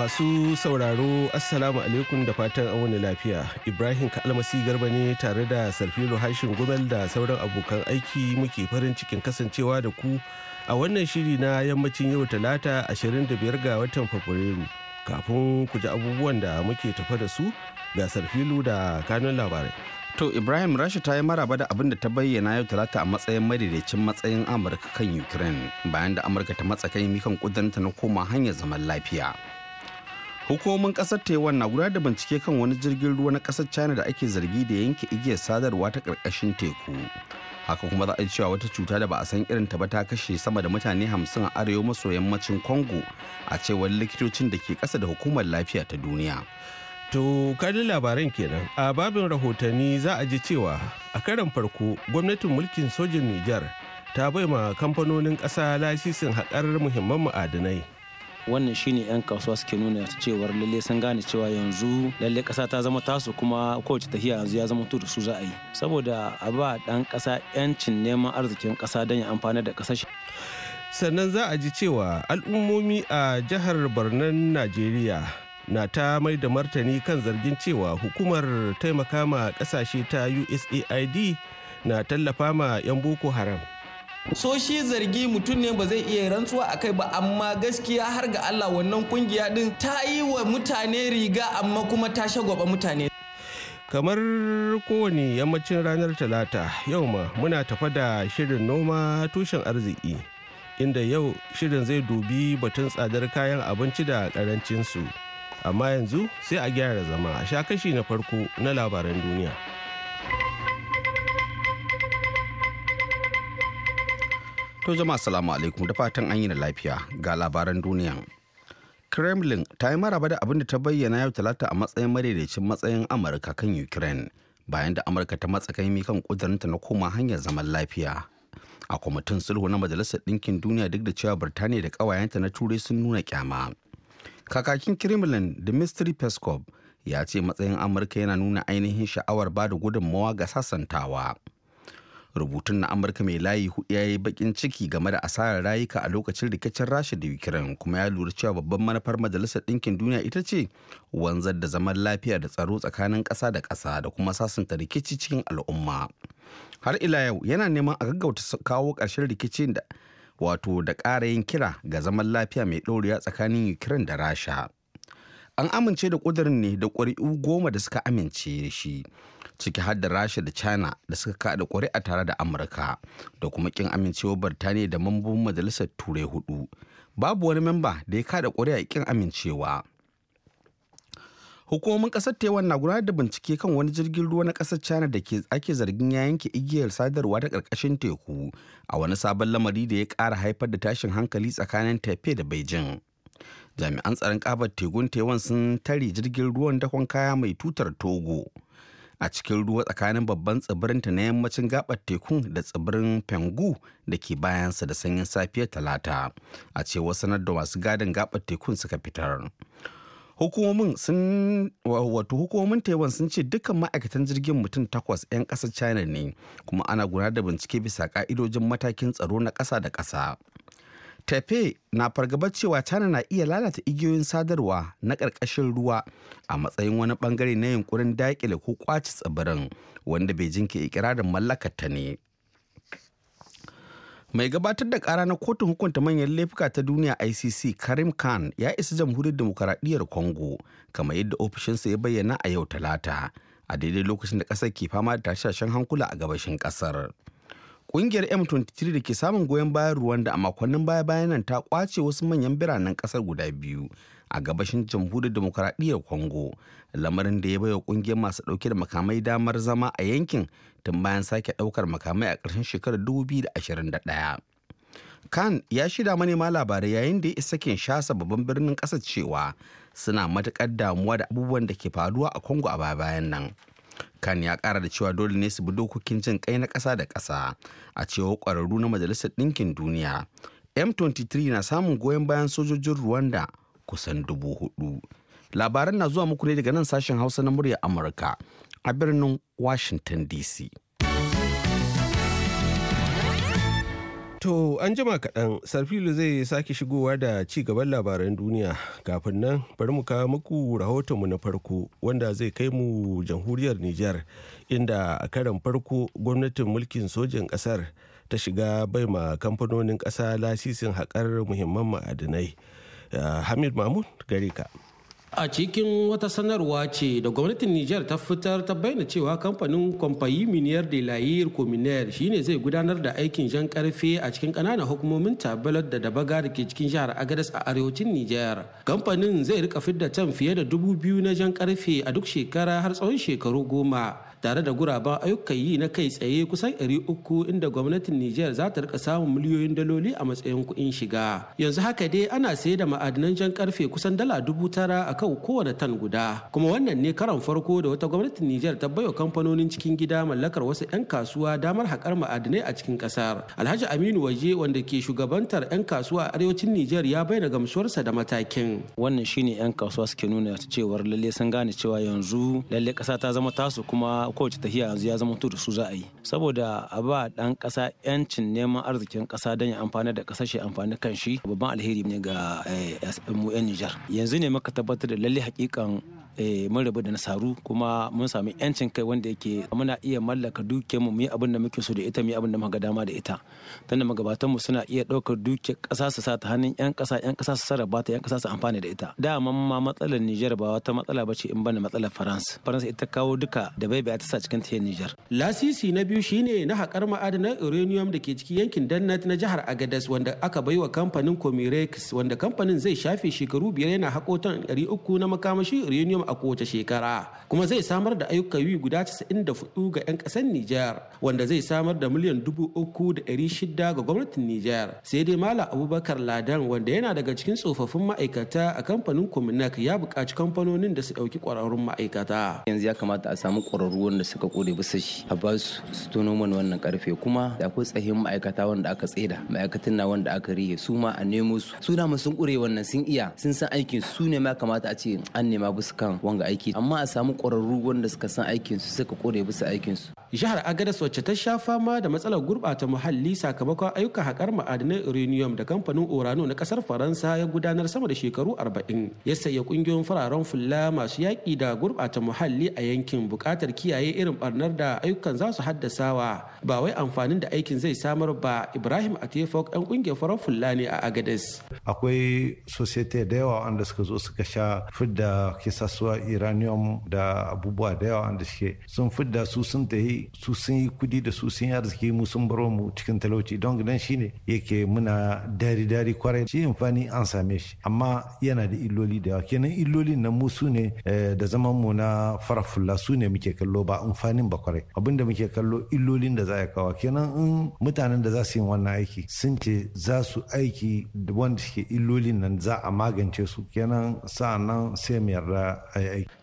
Masu sauraro Assalamu alaikum da fatan wani lafiya. Ibrahim Kalmasi Garba ne tare da Sarfilo Hashin Gumel da sauran abokan aiki muke farin cikin kasancewa da ku a wannan shiri na yammacin yau talata 25 ga watan Fabrairu. Kafin ku ji abubuwan da muke tafa da su ga Sarfilo da kanun labarai. To Ibrahim Rasha ta yi maraba da abin da ta bayyana yau talata a matsayin madaidaicin matsayin Amurka kan Ukraine bayan da Amurka ta matsa kan mikan kudanta na koma hanyar zaman lafiya. hukumomin kasar taiwan na gudanar da bincike kan wani jirgin ruwa na kasar china da ake zargi da yanke igiyar sadarwa ta karkashin teku haka kuma za a cewa wata cuta da ba a san irin ta ba ta kashe sama da mutane hamsin a arewa maso yammacin congo a cewar likitocin da ke kasa da hukumar lafiya ta duniya To kanin labaran kenan a babin rahotanni za a ji cewa a karan farko gwamnatin mulkin sojin Nijar ta bai ma kamfanonin ƙasa lasisin haƙar muhimman ma'adanai wannan shine yan kasuwa suke nuna cewar lalle sun gane cewa yanzu lalle kasa ta zama tasu kuma kowace tafiya yanzu ya zama da su za a yi saboda a ba dan kasa yancin neman arzikin kasa don ya amfana da kasashe sannan za a ji cewa al'ummomi a jihar barnan najeriya na ta mai da martani kan zargin cewa hukumar taimaka ma kasashe ta usaid na tallafa ma 'yan boko haram so shi zargi mutum ne ba zai iya rantsuwa a kai ba amma gaskiya har ga Allah wannan kungiya din ta yi wa mutane riga amma kuma ta shagwaba mutane kamar kowane yammacin ranar talata yau ma muna tafa da shirin noma tushen arziki inda yau shirin zai dubi batun tsadar kayan abinci da karancinsu amma yanzu sai a gyara zama a sha kashi na farko na labaran duniya. To jama'a salamu alaikum da fatan an yi da lafiya ga labaran duniya. Kremlin ta yi maraba da abin da ta bayyana yau talata a matsayin madaidaicin matsayin Amurka kan Ukraine bayan da Amurka ta matsa kaimi kan kudurinta na koma hanyar zaman lafiya. A kwamitin sulhu na Majalisar Dinkin Duniya duk da cewa Birtaniya da kawayenta na Turai sun nuna kyama. Kakakin Kremlin Dmitry Peskov ya ce matsayin Amurka yana nuna ainihin sha'awar ba da gudunmawa ga sasantawa. rubutun na amurka mai layi hudu ya yi bakin ciki game da asarar rayuka a lokacin rikicin rasha da ukraine kuma ya lura cewa babban manufar majalisar ɗinkin duniya ita ce wanzar da zaman lafiya da tsaro tsakanin ƙasa da ƙasa da kuma sasanta rikici cikin al'umma har ila yau yana neman a gaggauta kawo ƙarshen rikicin da wato da ƙara yin kira ga zaman lafiya mai ɗorewa tsakanin ukraine da rasha an amince da ƙudurin ne da ƙuri'u goma da suka amince da shi ciki har da rasha da china da suka kada kuri'a tare da amurka da kuma kin amincewa birtaniya da mambobin majalisar turai hudu babu wani memba da ya kada kuri'a kin amincewa hukumomin kasar taiwan na gudanar da bincike kan wani jirgin ruwa na kasar china da ke ake zargin ya yanke igiyar sadarwa ta karkashin teku a wani sabon lamari da ya kara haifar da tashin hankali tsakanin taipei da beijing jami'an tsaron kafar tekun taiwan sun tare jirgin ruwan dakon kaya mai tutar togo a cikin ruwa tsakanin babban tsibirinta na yammacin gabar tekun da tsibirin pengu da ke bayansa da sanyin safiyar talata a cewar sanar da masu gadin gabar tekun suka fitar hukumomin wato hukumomin taiwan sun ce dukkan ma'aikatan jirgin mutum takwas 'yan ƙasar china ne kuma ana gudanar da bincike bisa ƙa'idojin matakin tsaro na ƙasa da ƙasa Pepe na fargaba cewa China na iya lalata igiyoyin sadarwa na ƙarƙashin ruwa a matsayin wani bangare na yunkurin daƙile ko ƙwace tsibirin wanda Beijing ke ikirarin ta ne. Mai gabatar da ƙara na kotun hukunta manyan laifuka ta duniya ICC Karim Khan ya isa jamhuriyar demokaradiyyar Congo kamar yadda ofishinsa ya bayyana a yau talata a daidai lokacin da ƙasar ke fama da tashashen hankula a gabashin ƙasar. Kungiyar M23 da ke samun goyon bayan Rwanda a makonnin baya bayan nan ta kwace wasu manyan biranen kasar guda biyu a gabashin jamhuriyar demokaradiyyar Kongo, lamarin da ya baiwa ƙungiyar masu ɗauke da makamai damar zama a yankin tun bayan sake ɗaukar makamai a ƙarshen shekarar 2021. KAN ya shida manema labarai yayin da ya isa Kinshasa babban birnin ƙasa cewa suna matuƙar damuwa da abubuwan da ke faruwa a Kongo a baya bayan nan. kan ya kara da cewa dole ne su bi dokokin jin kai na ƙasa da ƙasa a cewar ƙwararru na majalisar ɗinkin duniya m23 na samun goyon bayan sojojin rwanda kusan dubu hudu labaran na zuwa muku ne daga nan sashen hausa na murya amurka a birnin washington dc To an jima kaɗan Sarfilu zai sake shigowa da ci gaban labaran duniya kafin nan bari mu kawo muku rahotonmu na farko wanda zai kai mu jamhuriyar Nijar inda a karan farko gwamnatin mulkin sojin ƙasar ta shiga bai ma kamfanonin ƙasa lasisin haƙar muhimman ma'adinai. Eh, Hamid Mahmud gare ka. a cikin wata sanarwa ce da gwamnatin niger ta fitar ta bayyana cewa kamfanin kwamfayi miniyar de layir kominer shine zai gudanar da aikin jan karfe a cikin kananan hukumomin tabalar da dabaga da ke cikin jihar agadas a arewacin niger kamfanin zai rika fidda tan fiye da dubu biyu na jan karfe a duk shekara har tsawon shekaru goma tare da guraben ayyukan yi na kai tsaye kusan 300 inda gwamnatin Nijar za ta rika samun miliyoyin daloli a matsayin kuɗin shiga. Yanzu haka dai ana saye da ma'adinan jan karfe kusan dala dubu tara a kan kowane tan guda. Kuma wannan ne karon farko da wata gwamnatin Nijar ta baiwa kamfanonin cikin gida mallakar wasu 'yan kasuwa damar haƙar ma'adinai a cikin ƙasar. Alhaji Aminu Waje wanda ke shugabantar 'yan kasuwa a arewacin Nijar ya bayyana gamsuwarsa da matakin. Wannan shine 'yan kasuwa suke nuna cewar lalle sun gane cewa yanzu lalle ƙasa ta zama tasu kuma kowace tafiya yanzu ya zama da su za a yi saboda a ba dan kasa yancin neman arzikin kasa don ya amfana da kasashe amfani kan shi babban alheri ne ga SMU eh, niger yanzu ne muka tabbatar da lalle hakikan Eh, mun rabu da nasaru kuma mun sami yancin kai wanda yake muna iya mallaka dukiyar mu mu yi abin da muke so da ita mu yi abin da muka dama da ita tunda magabatan mu suna iya ɗaukar dukiyar ƙasa su sa ta hannun yan ƙasa yan ƙasa su sarrafa ta yan ƙasa su amfani da ita dama ma matsalar Niger ba wata matsala bace in bana matsalar France France ita kawo duka da bai ta sa cikin ta Niger lasisi na biyu shine na hakar ma'adanan uranium da ke cikin yankin Dannat na jihar Agadez wanda aka baiwa kamfanin Comirex wanda kamfanin zai shafe shekaru biyar yana hakotan tan 300 na makamashi uranium a kowace shekara kuma zai samar da ayyukan yi guda 94 ga 'yan ƙasar Nijar wanda zai samar da miliyan 3,600 ga gwamnatin Nijar sai dai Malam Abubakar Ladan wanda yana daga cikin tsofaffin ma'aikata a kamfanin Cominac ya buƙaci kamfanonin da su ɗauki ƙwararrun ma'aikata. Yanzu ya kamata a samu ƙwararru wanda suka ƙure bisa shi a ba su tonoman wannan ƙarfe kuma da akwai tsahin ma'aikata wanda aka tseda ma'aikatan na wanda aka rihe su ma a nemo su su dama sun ƙure wannan sun iya sun san aikin su ne ma kamata a ce an nema bisa kan wanga aiki amma a samu ƙwararru wanda suka san aikinsu suka kore bisa aikinsu jihar agadas wacce ta sha fama da matsalar gurɓata muhalli sakamakon ayyukan haƙar ma'adinan uranium da kamfanin orano na ƙasar faransa ya gudanar sama da shekaru arba'in ya sayi ƙungiyoyin fararen fulla masu yaƙi da gurɓata muhalli a yankin buƙatar kiyaye irin ɓarnar da ayyukan za su haddasawa ba wai amfanin da aikin zai samar ba ibrahim atefok ɗan ƙungiyar farar fulla ne a agadas akwai societe da yawa wanda suka zo suka sha fidda kisa kasuwa iranium da abubuwa da yawa da suke sun fidda su sun tahi su sun yi kudi da su sun yi arziki mu sun baro mu cikin talauci don gidan ne yake muna dari dari kwarai shi amfani an same shi amma yana da illoli da yawa kenan illoli na mu su ne eh, da zaman mu na farafulla su ne muke kallo ba amfanin ba kwarai abinda muke kallo illolin da za ya kawo kenan in mutanen da za su yi wannan aiki sun ce za su aiki da wanda suke illolin nan za a magance su kenan sa'annan sai mu yarda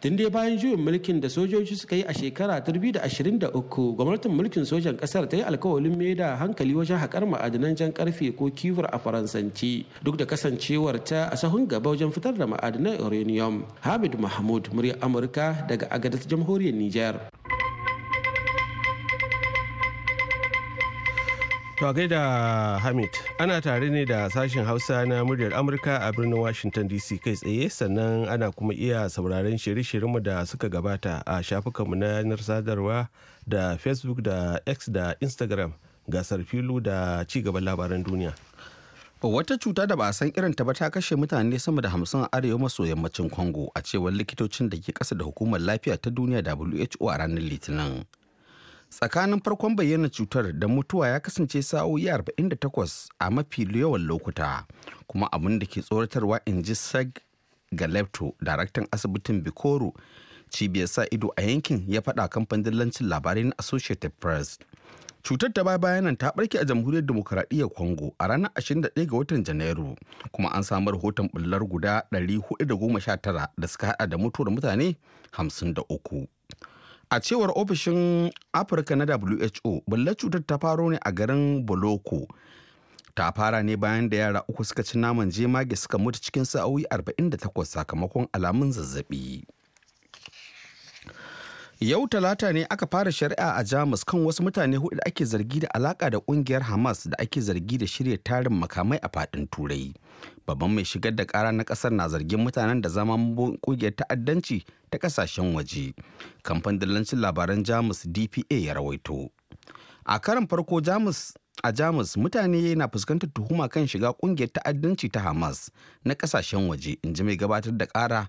Tun dai bayan juyin mulkin da sojoji suka yi a shekara ta 2023 gwamnatin mulkin sojan kasar ta yi alkawalin mai da hankali wajen haƙar ma'adanan jan karfe ko kiwar a faransanci duk da kasancewar ta a sahun gaba wajen fitar da ma'adanan uranium. Hamid Mahmud murya Amurka daga agadar jamhuriyar Nijar. To gaida Hamid, ana tare ne da sashen Hausa na muryar Amurka a birnin Washington DC kai tsaye sannan ana kuma iya sauraron shirye-shiryenmu da suka gabata a shafukanmu na yanar sadarwa da Facebook da X da Instagram gasar filu da ci gaban labaran duniya. Wata cuta da ba a san irin ta ba ta kashe mutane sama da hamsin a arewa maso yammacin Congo a cewar likitocin da ke kasa da hukumar lafiya ta duniya WHO a ranar Litinin. tsakanin farkon bayyana cutar da mutuwa ya kasance sa'o'i 48 a mafi yawan lokuta kuma abin da ke tsoratarwa in ji sag galepto daraktan asibitin bikoro cibiyar sa ido a yankin ya faɗa kamfanin dillancin labarai na associated press cutar ta baya bayanan ta barke a jamhuriyar demokuraɗiyyar congo a ranar 21 ga watan janairu kuma an samu rahoton bullar guda 419 da suka haɗa da mutuwar mutane 53 A cewar ofishin Afirka na WHO, bullar cutar ta faro ne a garin Boloko. Ta fara ne bayan da yara uku suka ci naman jemage suka mutu cikin sa'o'i 48 sakamakon alamun zazzabi. yau talata ne aka fara shari'a a jamus kan wasu mutane hudu da ake zargi da alaka da kungiyar hamas da ake zargi da shirya tarin makamai a fadin turai babban mai shigar da kara na kasar na zargin mutanen da zama kungiyar ta'addanci ta kasashen waje kamfan dillancin labaran jamus dpa ya rawaito a karan farko jamus a jamus mutane na fuskantar tuhuma kan shiga kungiyar ta'addanci ta hamas na ƙasashen waje in ji mai gabatar da ƙara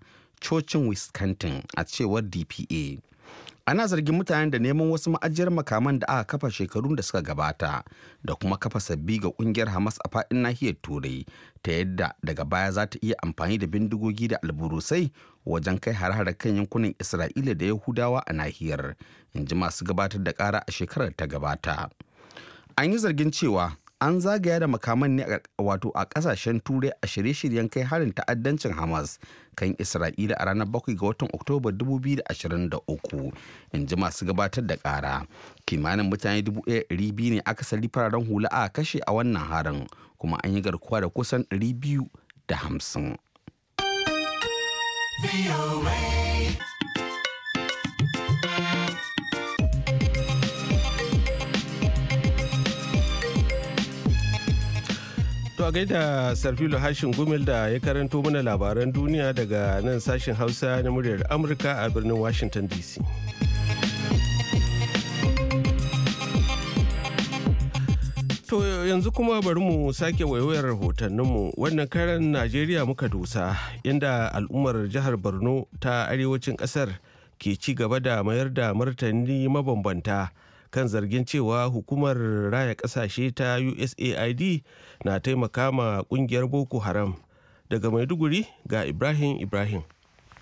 cocin wisconsin a cewar dpa ana zargin mutanen da neman wasu ma'ajiyar makaman da aka kafa shekarun da suka gabata da kuma kafa sabbi ga kungiyar hamas a faɗin nahiyar turai ta yadda daga baya za ta iya amfani da bindigogi da alburusai wajen kai har-hare kan yankunan isra'ila da yahudawa a nahiyar in ji masu gabatar da ƙara a shekarar ta gabata an yi zargin cewa an zagaya da makaman ne wato a kasashen turai a shirye-shiryen kai harin ta'addancin hamas kan isra'ila a ranar 7 ga watan oktoba 2023 in ji masu gabatar da kara kimanin mutane 1,200 ne aka sali fararen hula a kashe a wannan harin kuma an yi garkuwa da kusan 250 a gaida Sarfilo Hashin gumil da ya karanto mana labaran duniya daga nan sashen Hausa na muryar Amurka a birnin Washington DC. To yanzu kuma bari mu sake waiwayar rahotanninmu wannan karan Najeriya muka dosa inda al'ummar jihar Borno ta arewacin kasar ke ci gaba da mayar da martani mabambanta. kan zargin cewa hukumar raya kasashe ta USAID na taimaka ma kungiyar Boko Haram. Daga Maiduguri ga Ibrahim Ibrahim.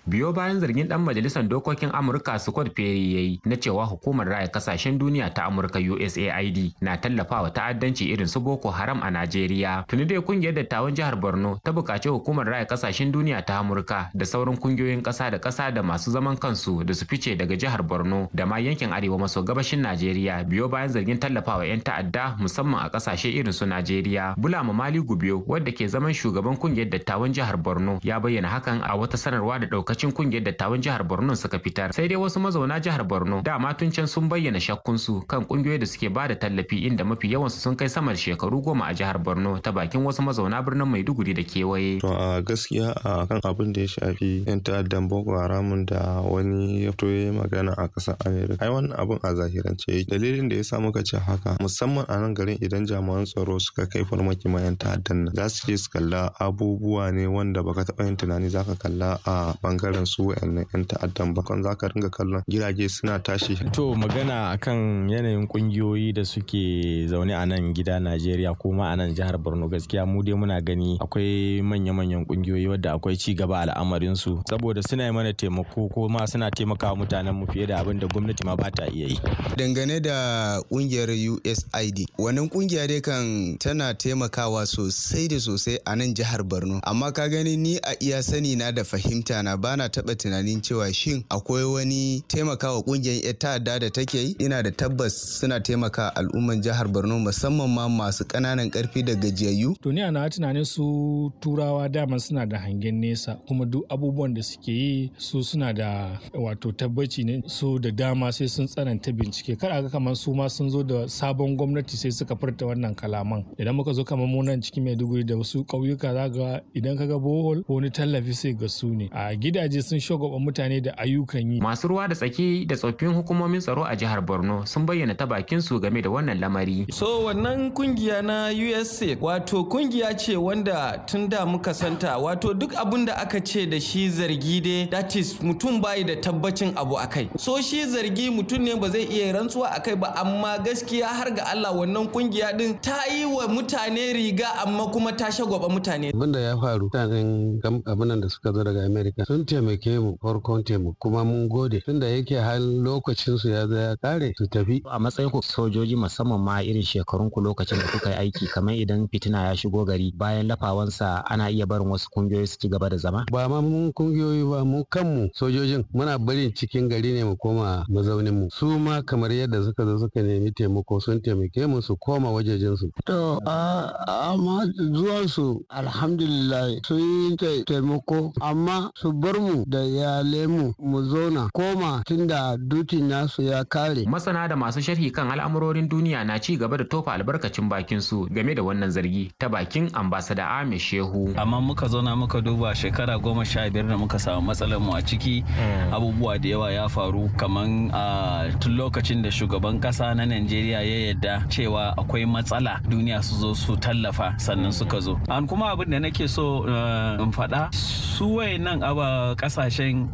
biyo bayan zargin dan majalisar dokokin amurka scott perry ya yi na cewa hukumar raya kasashen duniya ta amurka usaid na tallafawa ta'addanci irin su boko haram a najeriya tuni dai kungiyar dattawan jihar borno ta buƙaci hukumar raya kasashen duniya ta amurka da sauran kungiyoyin ƙasa da ƙasa da masu zaman kansu da su fice daga jihar borno da ma yankin arewa maso gabashin najeriya biyo bayan zargin tallafawa 'yan ta'adda musamman a ƙasashe irin su najeriya bulama mali gubiyo wadda ke zaman shugaban kungiyar dattawan jihar borno ya bayyana hakan a wata sanarwa da ɗaukar yammacin kungiyar dattawan jihar Borno suka fitar. Sai dai wasu mazauna jihar Borno dama tun can sun bayyana shakkun su, kan kungiyoyi da suke ba da tallafi inda mafi yawansu sun kai sama da shekaru goma a jihar Borno ta bakin wasu mazauna birnin Maiduguri da kewaye. To a gaskiya a kan abin da ya shafi yan ta'addan Boko Haramun da wani ya fito ya magana a ƙasar Amerika. Ai wannan abin a zahirance dalilin da ya sa muka ce haka musamman a nan garin idan jami'an tsaro suka kai farmaki ma yan ta'addan nan za su je su kalla abubuwa ne wanda baka taɓa yin tunani zaka kalla a bangaren ɓangaren su wa'annan yan ta'addan ba kan zaka ringa kallon gidaje suna tashi to magana akan yanayin kungiyoyi da suke zaune a nan gida Najeriya ko ma a nan jihar Borno gaskiya mu dai muna gani akwai manya-manyan kungiyoyi wadda akwai ci gaba al'amarin su saboda suna yi mana taimako ko ma suna taimakawa mutanen mu fiye da abin da gwamnati ma ba ta iya yi dangane da kungiyar USAID, wannan kungiya dai kan tana taimakawa sosai da sosai a nan jihar Borno amma ka gani ni a iya sani na da fahimta na ba bana taɓa tunanin cewa shin akwai wani taimakawa ƙungiyar 'yan ta'adda da take yi ina da tabbas suna taimaka al'umman jihar borno musamman ma masu kananan karfi da gajiyayyu to ni ana tunanin su turawa dama suna da hangen nesa kuma duk abubuwan da suke yi su suna da wato tabbaci ne su da dama sai sun tsananta bincike kar a ga kamar su ma sun zo da sabon gwamnati sai suka furta wannan kalaman idan muka zo kamar mu nan cikin maiduguri da wasu ƙauyuka za ga idan ka ga bohol ko wani tallafi sai ga su ne a gida gidaje sun shagwaba mutane da ayyukan yi. Masu ruwa da tsaki da tsoffin hukumomin tsaro a jihar Borno sun bayyana ta bakin su game da wannan lamari. So wannan kungiya na USA wato kungiya ce wanda tun da muka santa wato duk abin da aka ce da shi zargi dai that is mutum bai da tabbacin abu akai. So shi zargi mutum ne ba zai iya rantsuwa akai ba amma gaskiya har ga Allah wannan kungiya din ta yi wa mutane riga amma kuma ta shagwaba mutane. Abin da ya faru mutanen abin da suka zo daga America sun taimake mu farkon taimako kuma mun gode tunda yake har lokacin su ya zo kare su tafi a matsayin ku sojoji musamman ma irin shekarun ku lokacin da kuka yi aiki kamar idan fitina ya shigo gari bayan lafawansa ana iya barin wasu kungiyoyi su ci gaba da zama ba ma mun kungiyoyi ba mu kanmu sojojin muna barin cikin gari ne mu koma mazaunin mu su ma kamar yadda suka zo suka nemi taimako sun taimake mu su koma wajejen su to amma zuwan su alhamdulillah sun yi taimako amma su bar mu da ya lemu mu zauna koma tunda dutin nasu ya kare. Masana da masu sharhi kan al'amurorin duniya na ci gaba da tofa albarkacin bakin su game da wannan zargi ta bakin ambasada mai Shehu. Amma muka zauna muka duba shekara goma sha biyar da muka samu matsalar mu a ciki mm. abubuwa da yawa ya faru kaman a tun lokacin da shugaban kasa na Najeriya ya yadda cewa akwai matsala duniya su zo su tallafa sannan suka zo. An kuma abin da nake so eh, in faɗa su wayannan aba kasashen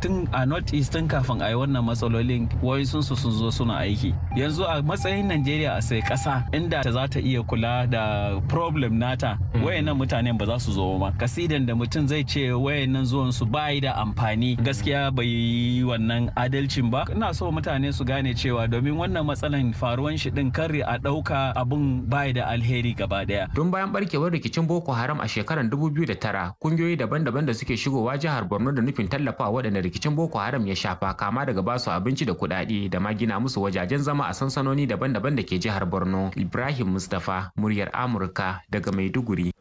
tun a north east tun kafin a yi wannan matsalolin sun su sun zo suna aiki yanzu a matsayin nigeria a sai kasa inda ta za ta iya kula da problem nata mm. wayannan mutanen ba za su zo ba. kasidan da mutum zai ce wayannan zuwan su bai da amfani mm. gaskiya bai yi wannan adalcin ba ina so mutane su gane cewa domin wannan matsalan faruwan shi din karri a dauka abun bayi da alheri gaba daya don bayan barkewar rikicin boko haram a shekarar 2009 kungiyoyi daban-daban da suke shigowa jihar borno da nufin tallafa waɗanda rikicin boko haram ya shafa kama daga basu abinci da kuɗaɗe da ma gina musu wajajen zama a sansanoni daban-daban da ke jihar borno ibrahim mustapha muryar amurka daga maiduguri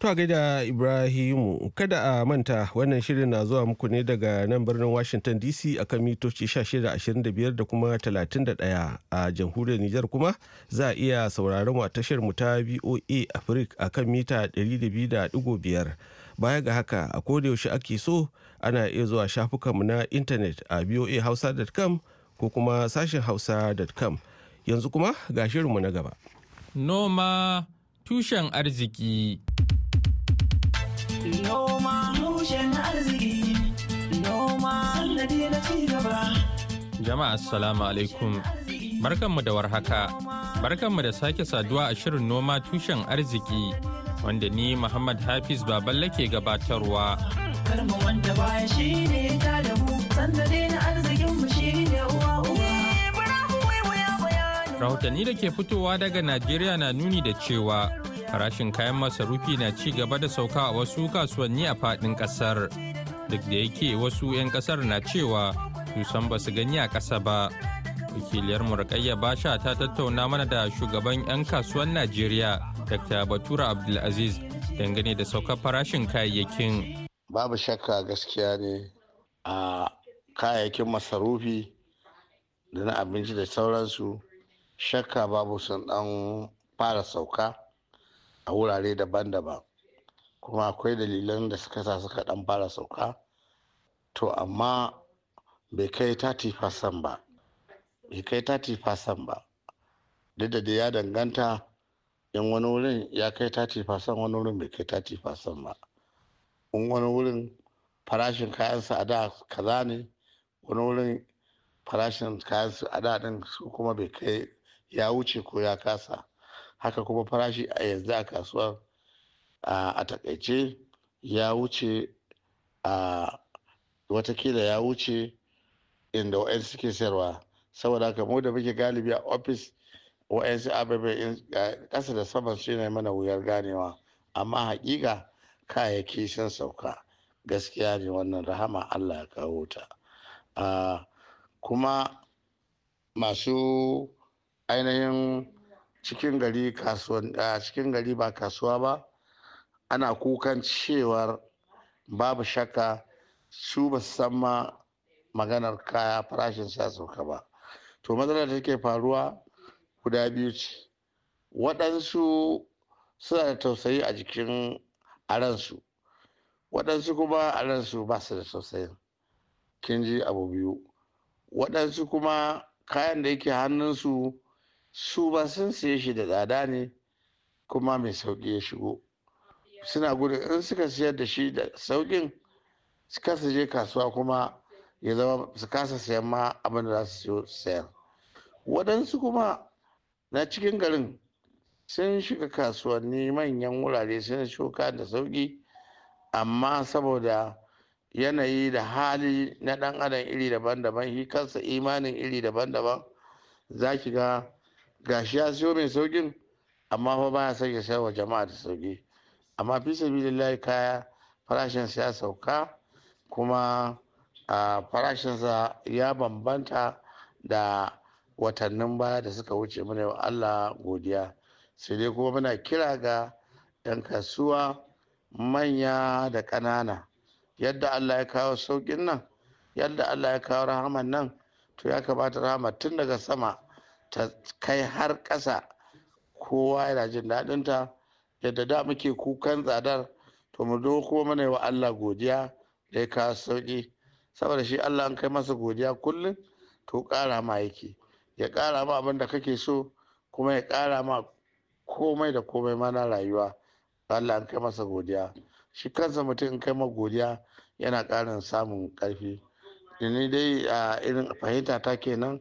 To a gaida Ibrahimu, kada a manta wannan shirin na zuwa muku ne daga nan birnin Washington DC a kan mitoci 1625 da kuma 31 a jamhuriyar Nijar kuma za a iya sauraron a tashar mu ta VOA Africa a kan mita 200.5. baya ga haka a kodayaushe ake so ana iya zuwa shafukanmu na intanet a voahausa.com ko kuma sashen hausa.com yanzu kuma ga shirinmu na gaba noma tushen arziki jama'a assalamu alaikum barkanmu da warhaka barkanmu da sake saduwa a shirin noma tushen arziki wanda ni Muhammad Hafiz Baballe ke gabatarwa. Rahotanni da ke fitowa daga Najeriya na nuni da cewa farashin kayan masarufi na ci gaba da sauka a wasu kasuwanni a fadin kasar Duk da yake wasu 'yan kasar na cewa dusan ba su gani a ƙasa ba. Wakiliyar Murƙayya Basha ta tattauna mana da shugaban 'yan kasuwan Najeriya Dr. Batura Abdulaziz dangane da saukar farashin kayayyakin. Babu shakka gaskiya ne a kayayyakin masarufi da na abinci da sauransu shakka babu sun dan fara sauka a wurare daban-daban kuma akwai dalilan da suka sa suka dan fara sauka to amma bai kai ta ba san ba duk da ya danganta in wani wurin ya kai fasan wani wurin bai kai fasan ba in wani wurin farashin kayan a da kaza ne wani wurin farashin kayan a da din su kuma bai kai ya wuce ko ya kasa haka kuma farashi a yanzu a kasuwa a takaice ya wuce a watakila ya wuce inda wa'yan suke sayarwa saboda haka mu da muke galibi a ofis wa'yansu ababe eh, ƙasa da saman su ne mana wuyar ganewa amma haƙiƙa kayayyaki sun sauka gaskiya ne wannan rahama allah ya kawo ta ah, kuma masu ainihin cikin gari cikin gari ba kasuwa ba ana kukan cewar babu shakka su ba san ma maganar kaya farashin sa sauka ba to matsalar da take faruwa guda biyu ce waɗansu suna da tausayi a jikin aransu waɗansu kuma aransu ba su da tausayin kin ji abu biyu waɗansu kuma kayan da yake hannunsu su ba sun siye shi da tsada ne kuma mai sauƙi ya shigo suna gudu in suka siyar da shi da sauƙin su kasa je kasuwa kuma ya zama su kasa sayan ma abin da za su siyo waɗansu kuma na cikin garin sun shiga kasuwanni manyan wurare sun shuka da sauƙi amma saboda yanayi da hali na ɗan adam iri daban-daban shi imanin iri daban-daban za ki ga gashi ya siyo mai sauƙin amma fa baya son ya sayar wa jama'a da sauki amma fi sabilillahi kaya farashinsa ya sauka kuma ah, farashinsa ya bambanta da watannin baya da suka wuce muna wa Allah godiya sai dai kuma muna kira ga 'yan kasuwa manya da ƙanana yadda Allah ya kawo sauƙin nan yadda Allah ya kawo rahaman nan to ya kamata rahama tun daga sama ta kai har ƙasa kowa yana jin daɗinta yadda da muke kukan tsadar to mu zo kuma mana wa Allah godiya da ya kawo sauƙi saboda shi Allah an kai masa godiya kullum to ƙara ma yake ya ƙara ma abin da kake so kuma ya ƙara ma komai da komai mana na rayuwa Allah an kai masa godiya shi kansa mutum in kai ma godiya yana ƙarin samun ƙarfi da ni dai a irin fahimta ta kenan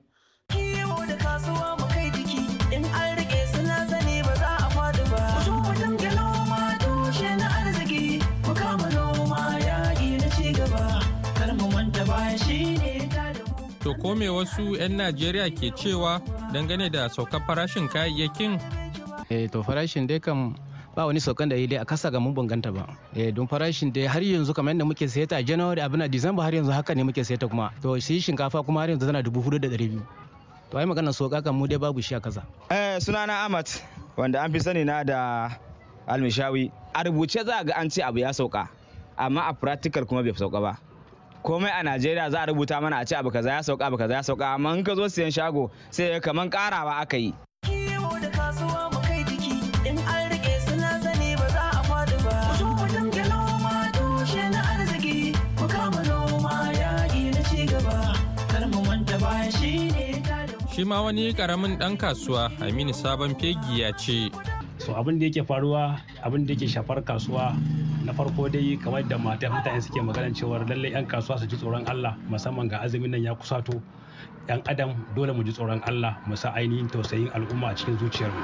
kome wasu 'yan najeriya ke cewa dangane da saukar farashin kayayyakin eh to farashin dai kan ba wani saukan da yi dai a kasa ga mun banganta ba eh don farashin dai har yanzu kamar yadda muke sayata a january abin december har yanzu haka ne muke sayata kuma to shi shinkafa kuma har yanzu tana dubu hudu da ɗari biyu to ai maganar sauka kan mu dai babu shi a kasa eh sunana amat wanda an fi sani na da almishawi a rubuce za ga an ce abu ya sauka amma a practical kuma bai sauka ba komai a Najeriya za a rubuta mana a ce abu kaza ya sauka abu kaza ya sauka amma in ka zo siyan shago sai kaman karawa aka yi shi ma wani karamin ɗan kasuwa aminu sabon fegi ya ce so abin da yake faruwa abin da yake shafar kasuwa na farko dai kamar da matan mutane suke maganar cewa lallai 'yan kasuwa su ji tsoron allah musamman ga azumin nan ya kusato 'yan adam dole mu ji tsoron allah mu sa ainihin tausayin al'umma a cikin zuciyar mu.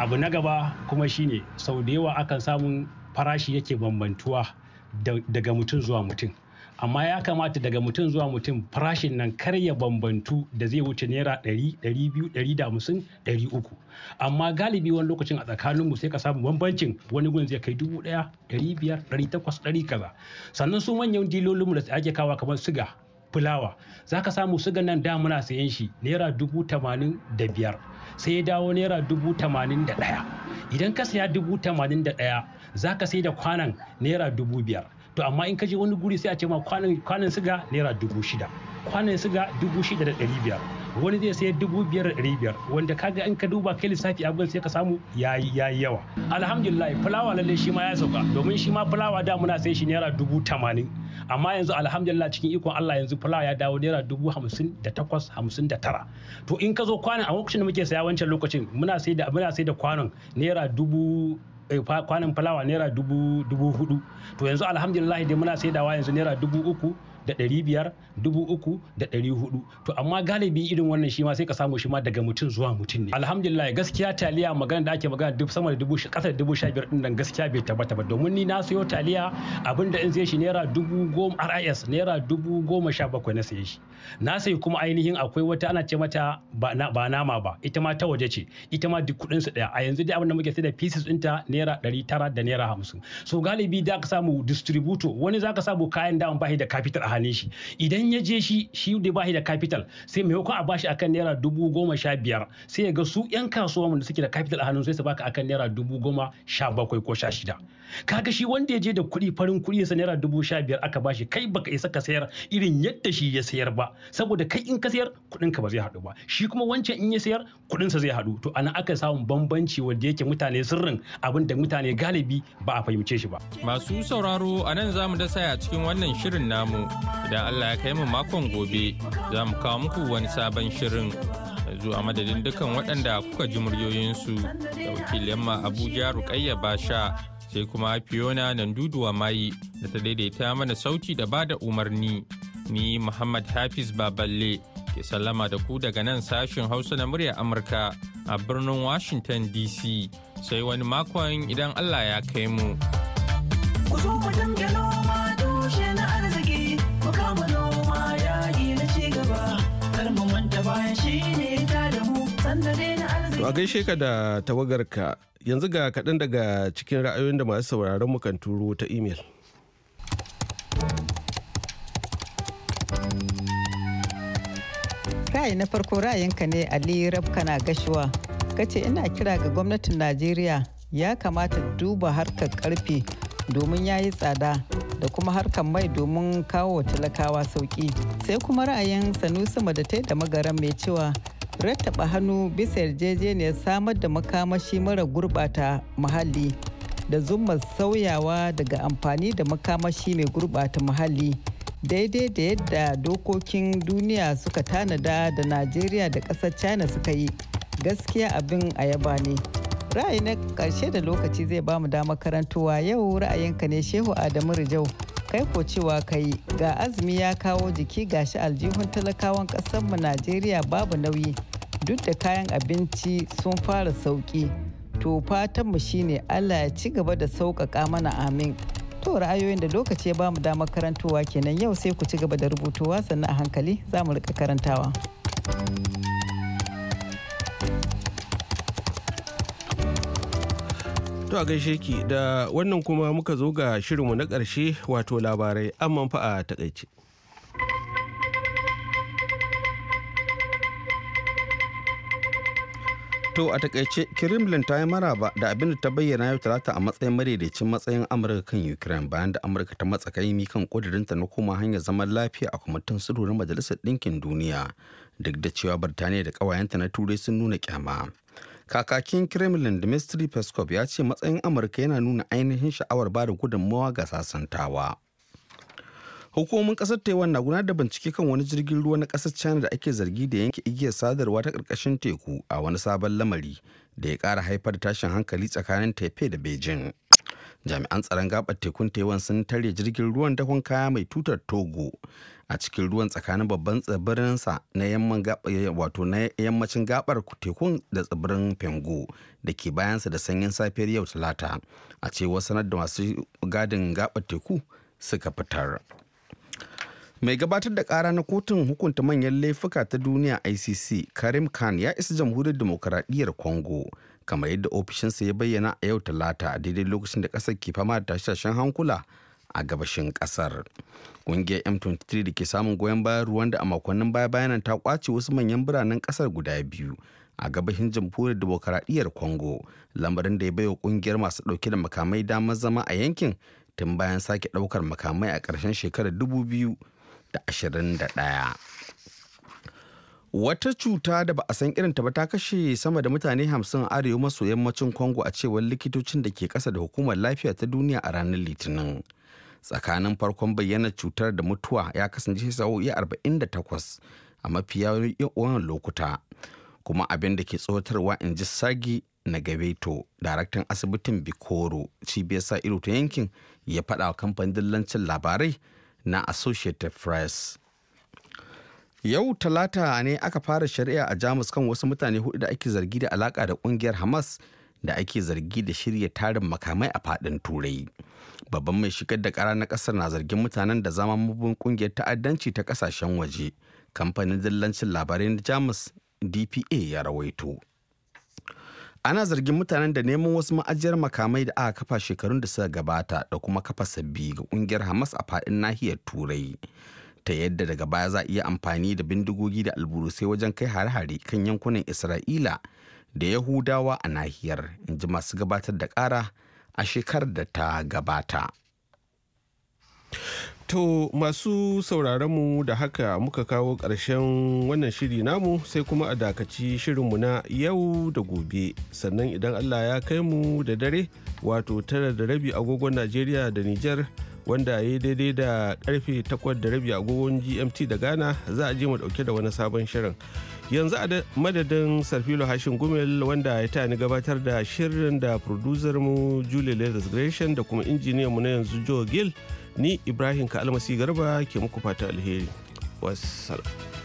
abu na gaba kuma shine sau da yawa akan samun farashi yake bambantuwa daga mutum zuwa mutum amma ya kamata daga mutum zuwa mutum farashin nan kar ya bambantu da zai wuce naira 100 200 300 amma galibi wani lokacin a tsakanin mu sai ka samu bambancin wani gun zai kai 1000 500 800 kaza sannan su manyan dilolin mu da ake kawa kamar siga fulawa za ka samu suga nan da muna sayan shi naira dubu tamanin da biyar sai ya dawo naira dubu tamanin da ɗaya idan ka saya dubu tamanin da ɗaya za ka sai da kwanan naira dubu biyar to amma in ka je wani guri sai a ce ma kwanan siga naira dubu shida kwanan siga dubu shida da ɗari biyar wani zai sayar dubu biyar da ɗari biyar wanda kaga in ka duba kai lissafi abin sai ka samu yayi yayi yawa alhamdulillah fulawa lallai shi ma ya sauka domin shi ma fulawa da muna sai shi naira dubu tamanin amma yanzu alhamdulillah cikin ikon Allah yanzu fulawa ya dawo naira dubu hamsin da takwas hamsin da tara to in ka zo kwanan a lokacin da muke saya wancan lokacin muna sai da muna sai da kwanon naira dubu Eh, kwanin fulawa naira dubu hudu to yanzu alhamdulillah dai muna saidawa yanzu naira dubu uku da ɗari biyar dubu uku da ɗari hudu to amma galibi irin wannan shi ma sai ka samu shi ma daga mutum zuwa mutum ne alhamdulillah gaskiya taliya magana da ake magana duk sama da dubu ƙasa da dubu sha biyar ɗin gaskiya bai tabbata ba domin ni na sayo taliya abinda in sai shi naira dubu goma ris naira dubu goma sha bakwai na sayi shi na sayi kuma ainihin akwai wata ana ce mata ba nama ba ita ma ta waje ce ita ma duk kuɗin su ɗaya a yanzu dai abin da muke sai da pieces ɗinta naira ɗari tara da naira hamsin so galibi da ka samu distributor wani za ka samu kayan da an bashi da capital halin shi idan ya je shi shi da bashi da capital sai maimakon a bashi akan naira dubu goma sha biyar sai ya ga su yan kasuwa wanda suke da capital a hannun sai su baka akan naira dubu goma sha bakwai ko sha shida ga shi wanda ya je da kuɗi farin kuɗi ya naira dubu sha biyar aka bashi kai baka isa ka sayar irin yadda shi ya sayar ba saboda kai in ka sayar kuɗin ka ba zai haɗu ba shi kuma wancan in ya sayar kuɗinsa zai haɗu to ana aka samun bambanci wanda yake mutane sirrin abin da mutane galibi ba a fahimce shi ba masu sauraro a nan za mu da saya cikin wannan shirin namu Idan Allah ya kai mu makon gobe za mu kawo muku wani sabon shirin. yanzu a madadin dukan waɗanda kuka ji muryoyinsu da wakilin ma Abuja Rukayya Basha sai kuma Fiona Nanduduwa Mayi da ta daidaita mana sauti da bada umarni. Ni Muhammad Hafiz Baballe ke sallama da ku daga nan sashin Hausa na murya Amurka a birnin Washington DC sai wani makon idan Allah ya kai mu. Ku zo mu To a gaishe ka da tawagarka yanzu ga kaɗan daga cikin ra'ayoyin da masu sauraron mukan turo ta imel. Ra'ayi na farko ra'ayinka ne Ali na Gashuwa. Kace ina kira ga gwamnatin Najeriya ya kamata duba harkar karfe domin ya yi tsada da kuma harkar mai domin kawo talakawa sauki. Sai kuma ra'ayin Sanusi Madatai da magaran mai cewa rattaba hannu bisa yarjejeniyar samar da makamashi mara gurbata muhalli da zuma sauyawa daga amfani da makamashi mai gurbata muhalli daidai da yadda dokokin duniya suka tanada da najeriya da ƙasar china suka yi gaskiya abin a yaba ne ra'ayi na ƙarshe da lokaci zai bamu dama karantowa yau ra'ayinka ne shehu adamu rijau kai ko cewa kai ga azumi ya kawo jiki gashi aljihun talakawan mu najeriya babu nauyi duk da kayan abinci sun fara sauki to fatanmu shine allah ya ci gaba da sauƙaƙa mana amin to ra'ayoyin da lokaci ya bamu damar karantowa kenan yau sai ku ci gaba da rubutuwa sannan a hankali za mu rika karantawa to a gaishe ki da wannan kuma muka zo ga shirinmu na ƙarshe wato labarai amman fa a takaice. To a takaice Kremlin ta yi maraba da abin da ta bayyana yau talata a matsayin madaidaicin matsayin Amurka kan Ukraine bayan da Amurka ta matsa kaimi kan kudurinta na koma hanyar zaman lafiya a kwamitin sulhu na Majalisar Ɗinkin Duniya duk da cewa Birtaniya da ƙawayenta na Turai sun nuna kyama. Kakakin Kremlin Dmitry Peskov ya ce matsayin Amurka yana nuna ainihin sha'awar ba da gudunmawa ga sasantawa. hukumomin kasar taiwan na gudanar da bincike kan wani jirgin ruwa na kasar china da ake zargi da yanke igiyar sadarwa ta karkashin teku a wani sabon lamari da ya kara haifar da tashin hankali tsakanin taipei da beijing jami'an tsaron gabar tekun taiwan sun tare jirgin ruwan dakon kaya mai tutar togo a cikin ruwan tsakanin babban tsibirinsa na wato na yammacin gabar tekun da tsibirin pengo da ke bayansa da sanyin safiyar yau talata a cewar sanar da masu gadin gabar teku suka fitar. mai gabatar da kara na kotun hukunta manyan laifuka ta duniya icc karim khan ya isa jamhuriyar demokuraɗiyyar congo kamar yadda ofishinsa ya bayyana a yau talata a daidai lokacin da ƙasar ke fama da tashashen hankula a gabashin ƙasar ƙungiyar m23 da ke samun goyon bayan ruwan da a makonnin baya bayanan ta kwace wasu manyan biranen ƙasar guda biyu a gabashin jamhuriyar demokuraɗiyyar congo lamarin da ya baiwa ƙungiyar masu ɗauke da makamai damar zama a yankin tun bayan sake ɗaukar makamai a ƙarshen shekarar dubu biyu 2021 wata cuta da ba a san irin ta ba ta kashe sama da mutane 50 arewa maso yammacin congo a cewar likitocin da ke kasa da hukumar lafiya ta duniya a ranar litinin tsakanin farkon bayyana cutar da mutuwa ya kasance sa'o'i 48 a mafi yawan lokuta kuma abin da ke tsotarwa in ji sagi na gabeto daraktan asibitin bikoro cibiyar sa ido ta yankin ya faɗa wa kamfanin dillancin labarai na associated press yau talata ne aka fara shari'a a jamus kan wasu mutane hudu da ake zargi da alaka da kungiyar hamas da ake zargi da shirya tarin makamai a fadin turai babban mai shigar da kara na ƙasar na zargin mutanen da zama mabubin kungiyar ta'addanci ta ƙasashen waje kamfanin dillancin labarai na jamus dpa ya rawaito ana zargin mutanen da neman wasu ma'ajiyar makamai da aka kafa shekarun da suka gabata da kuma kafa sabbi ga kungiyar hamas a faɗin nahiyar turai ta yadda daga baya za a iya amfani da bindigogi da alburusai wajen kai hare-hare kan yankunan isra'ila da yahudawa a nahiyar in ji masu gabatar da kara a shekarar da ta gabata To masu sauraronmu da haka muka kawo ƙarshen wannan shiri namu sai kuma a dakaci shirinmu na yau da gobe sannan idan Allah ya kai mu da dare wato tara da rabi agogon Najeriya da Nijar wanda ya daidai da karfe takwas da rabi agogon GMT da Ghana za a je mu dauke da wani sabon shirin. Yanzu a madadin Sarfilo Hashin Gumel wanda ya tani gabatar da shirin da producer mu Julie Leathers da kuma injiniyan mu na yanzu Joe Gill ni ibrahim ka almasi garba ke muku fata alheri wasu